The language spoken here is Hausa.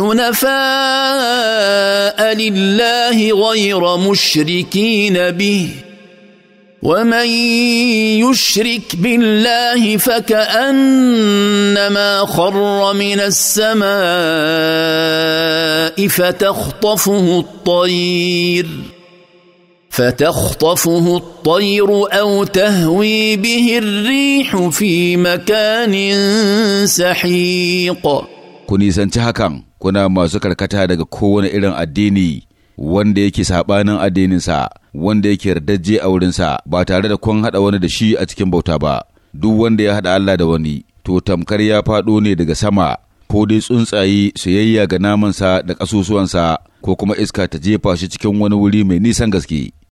حنفاء لله غير مشركين به ومن يشرك بالله فكانما خر من السماء فتخطفه الطير فتخطفه الطير او تهوي به الريح في مكان سحيق كنيسان كم kuna masu karkata daga kowane irin addini wanda yake saɓanin addininsa wanda yake yardajje a wurinsa ba tare da kun haɗa wani da shi a cikin bauta ba duk wanda ya haɗa Allah da wani to tamkar ya faɗo ne daga sama ko dai tsuntsaye soyayya ga namansa da ƙasusuwansa ko kuma iska ta jefa shi cikin wani wuri mai nisan gaske